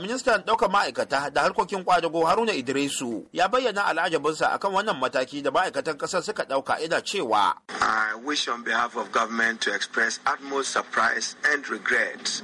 Ministan ɗaukar ma'aikata da harkokin kwadago Haruna Idrisu ya bayyana al'ajabinsa akan wannan mataki da ma'aikatan ƙasar suka ɗauka ina cewa. I wish on behalf of government to express utmost surprise and regret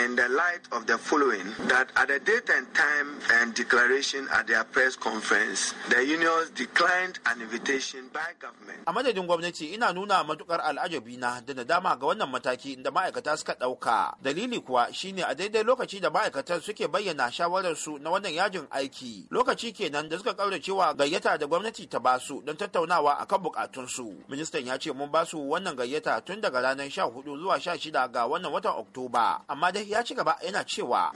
in the light of the following that at the date and time and declaration at their press conference the unions declined an invitation by government. A madadin gwamnati ina nuna matukar al'ajabi na da nadama ga wannan mataki da ma'aikata suka ɗauka. Dalili kuwa shine a daidai lokaci da ma'aikatan suke suke bayyana shawararsu na wannan yajin aiki lokaci kenan da suka kauracewa gayyata da gwamnati ta basu don tattaunawa akan bukatunsu ministan ya ce mun basu wannan gayyata tun daga ranar 14 zuwa 16 ga wannan watan oktoba amma dai ya ci gaba yana cewa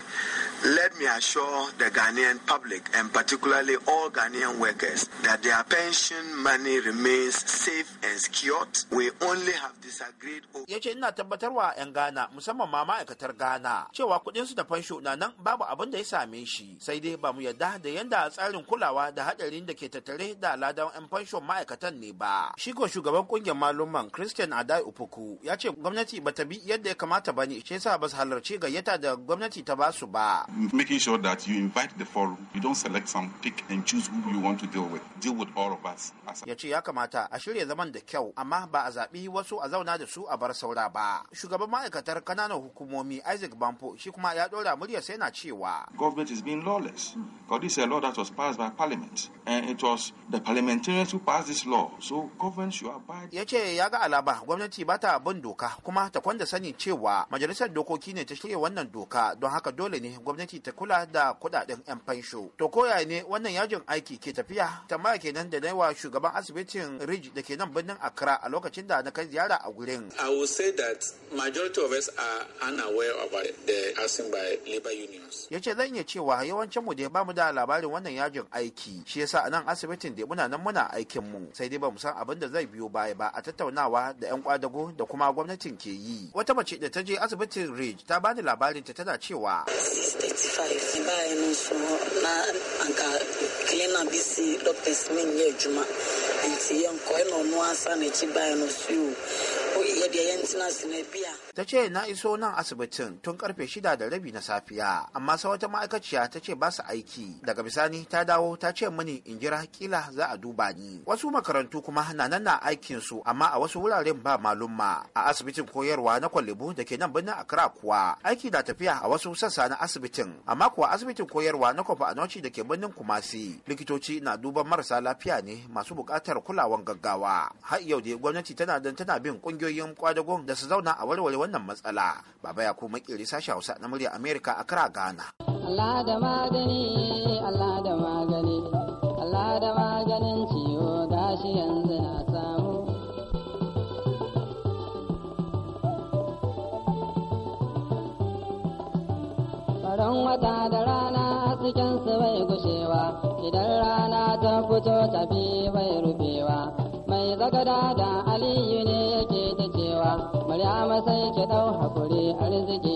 let me assure the ghanaian public and particularly all ghanaian workers that their pension money remains safe and secured we only have disagreed over ya ce ina tabbatarwa 'yan ghana musamman ma ma'aikatar ghana cewa su da fansho na nan babu babu abin da ya same shi sai dai ba mu yarda da yanda tsarin kulawa da hadarin da ke tattare da ladan yan fanshon ma'aikatan ne ba shigo shugaban kungiyar maluman christian adai upuku ya ce gwamnati ba ta bi yadda ya kamata ba ne shi yasa ba su halarci gayyata da gwamnati ta ba su ba making sure that you invite the forum you don't select some pick and choose who you want to deal with deal with all of us ya ce ya kamata a shirya zaman da kyau amma ba a zaɓi wasu a zauna da su a bar saura ba shugaban ma'aikatar kananan hukumomi isaac bampo shi kuma ya ɗora muryar sai na cewa government is being lawless because this is uh, a law that was passed by parliament and it was the parliamentarians who passed this law so government should abide ya ce ya ga alaba gwamnati ba ta bin doka kuma ta kwanda sani cewa majalisar dokoki ne ta shirya wannan doka don haka dole ne gwamnati ta kula da kudaden yan fansho to koya ne wannan yajin aiki ke tafiya tambaya kenan da naiwa shugaban asibitin ridge da ke nan birnin accra a lokacin da na kai ziyara a gurin i will say that majority of us are unaware of uh, the asking by labor union ya ce zan iya cewa yawancin mu da ba mu da labarin wannan yajin aiki shi yasa a nan asibitin da muna nan muna aikin mu sai dai ba mu san abin da zai biyo baya ba a tattaunawa da yan kwadago da kuma gwamnatin ke yi wata mace da ta je asibitin ridge ta bani labarin ta tana cewa na bisi doctors min yɛ adwuma nti yɛnkɔ ɛna ɔno ansa n'akyi ban no so ta ce na iso nan asibitin tun karfe shida da rabi na safiya amma sai wata ma'aikaciya ta ce ba su aiki daga bisani ta dawo ta ce mini in jira kila za a duba ni wasu makarantu kuma na nan na aikin su amma a wasu wuraren ba malumma a asibitin koyarwa na kwalibu da ke nan birnin accra kuwa aiki na tafiya a wasu sassa na asibitin amma kuwa asibitin koyarwa na kwafa a da ke birnin kumasi likitoci na duban marasa lafiya ne masu bukatar kulawan gaggawa har yau dai gwamnati tana dan tana bin ƙungiyoyi kungiyoyin kwadagon da su zauna a warware wannan matsala baba ya kuma kiri sashi hausa na murya america a kara ghana allah da magani allah da magani allah da maganin ciwo gashi yanzu na samu Faran wata da rana cikinsu bai gushewa, idan rana ta fito tafi bai rufewa, mai zagada da ya masai ki ɗau hakuri arziki